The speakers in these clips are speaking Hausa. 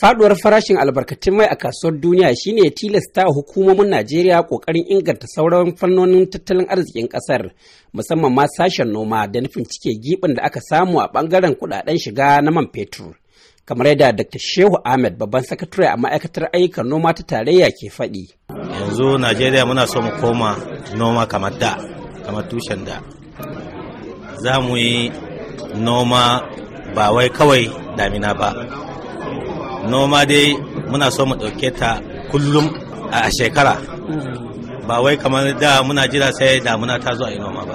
Faduwar farashin albarkatun mai a kasuwar duniya shine ya tilasta hukumomin Najeriya kokarin inganta sauran fannonin tattalin arzikin kasar musamman ma sashen noma da nufin cike gibin da aka samu a bangaren kudaden shiga na man fetur. Kamar yadda Dr. Shehu Ahmed babban sakatare a ma'aikatar ayyukan noma ta tarayya ke faɗi. Yanzu Najeriya muna so mu koma noma kamar da, kamar tushen da. Za mu yi noma ba wai kawai damina ba. noma dai muna so mu ɗauke ta kullum a shekara ba wai kamar da muna jira sai damuna ta zo a yi noma ba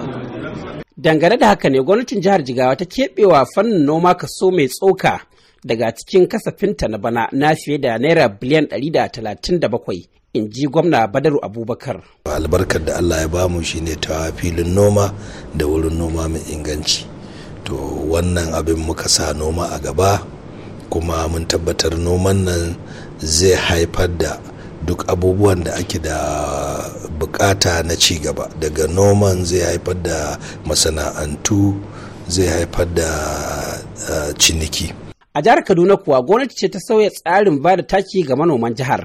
dangane da haka ne gwamnatin jihar jigawa ta keɓewa fannin noma kaso mai tsoka daga cikin kasafinta na bana na fiye da naira biliyan 137 in ji gwamna badaru abubakar albarkar da allah ya bamu shine ta filin noma da wurin noma mai inganci to wannan abin muka sa noma a gaba kuma mun tabbatar noman nan zai haifar da duk abubuwan da ake da bukata na cigaba, daga noman zai haifar da masana'antu zai haifar da eh, ciniki a jihar kaduna kuwa gwamnati ce ta sauya tsarin ba da taki ga manoman jihar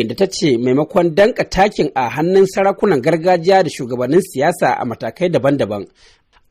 inda ta ce maimakon danka takin a hannun sarakunan gargajiya da shugabannin siyasa a matakai daban-daban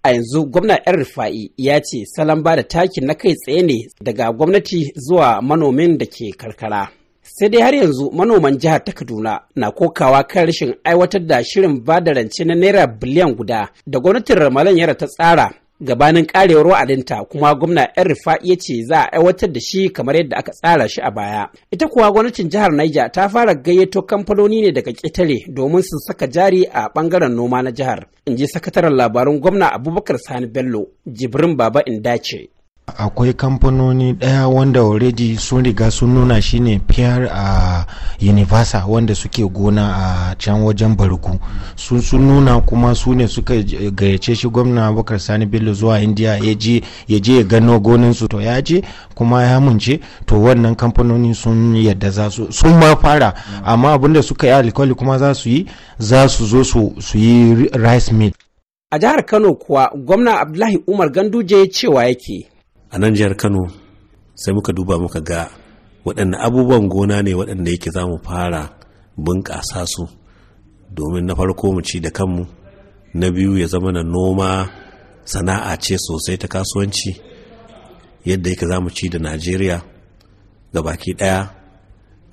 a yanzu gwamna yan rufa'i ya ce salon ba da takin na kai tsaye ne daga gwamnati zuwa manomin da ke karkara sai dai har yanzu manoman jihar ta kaduna na kokawa kan rashin aiwatar da shirin ba da rance na naira biliyan guda da gwamnatin ramalan yara ta tsara gabanin karewar wa'adinta kuma gwamna yan rufa ya ce za a aiwatar da shi kamar yadda aka tsara shi a baya ita kuwa gwamnatin jihar niger ta fara gayyato kamfanoni ne daga ƙetare domin su saka jari a ɓangaren noma na jihar in ji sakataren labarun gwamna abubakar sani bello jibrin baba in dace. akwai kamfanoni daya wanda already sun riga sun nuna shine pr a uh, universa wanda suke gona a uh, can wajen barku sun sun nuna kuma su ne suka gayyace shi gwamna abubakar sani bello zuwa india ya je ya gano gonin su to ya je kuma ya munce to wannan kamfanoni sun yadda za su sun ma fara amma abinda suka yi alkali kuma za su yi za su zo su yi rice mill a jihar kano kuwa gwamna abdullahi umar ganduje cewa yake a nan jihar kano sai muka duba muka ga waɗanne abubuwan gona ne waɗanda yake za mu fara bunƙasa su domin na farko mu ci da kanmu na biyu ya zama na noma sana'a ce sosai ta kasuwanci yadda yake za mu ci da najeriya ga baki ɗaya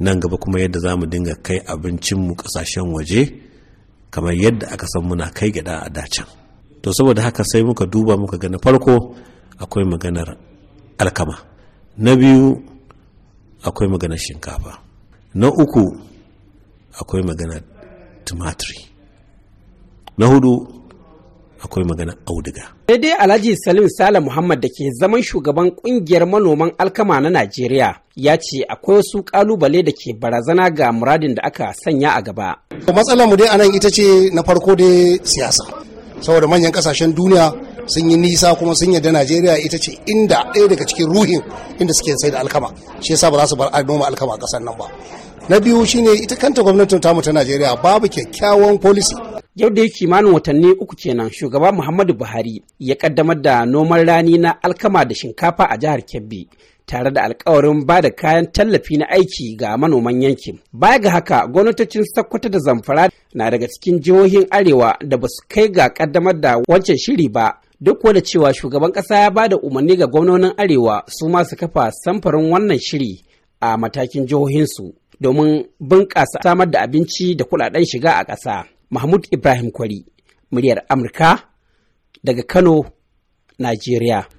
nan gaba kuma yadda za mu dinga kai abincinmu ƙasashen waje kamar yadda aka san muna kai gyaɗa a dacen to saboda haka sai muka duba muka ga na farko akwai maganar alkama na biyu akwai maganar shinkafa na uku akwai maganar tumatiri na hudu akwai magana auduga. Daidai Alhaji Salim Sale Muhammad da ke zaman shugaban kungiyar manoman alkama na Najeriya ya ce akwai wasu kalubale da ke barazana ga muradin da aka sanya a gaba. Matsalar mu dai anan ita ce na farko dai siyasa. Saboda manyan kasashen duniya sun yi nisa kuma sun yarda najeriya ita ce inda ɗaya daga cikin ruhin inda suke sai da alkama shi yasa ba za su bar noma alkama a ƙasar nan ba na biyu shine ita kanta gwamnatin tamu ta najeriya babu kyakkyawan policy yau da ya kimanin watanni uku kenan shugaba muhammadu buhari ya kaddamar da noman rani na alkama da shinkafa a jihar kebbi tare da alkawarin ba da kayan tallafi na aiki ga manoman yankin baya ga haka gwamnatocin sakkwata da zamfara na daga cikin jihohin arewa da ba su kai ga kaddamar da wancan shiri ba duk wanda cewa shugaban ƙasa ya ba da umarni ga gwamnonin arewa su masu kafa samfarin wannan shiri a matakin jihohinsu domin bunƙasa samar da abinci da kuɗaɗen shiga a ƙasa mahmud ibrahim kwari muryar amurka daga kano najeriya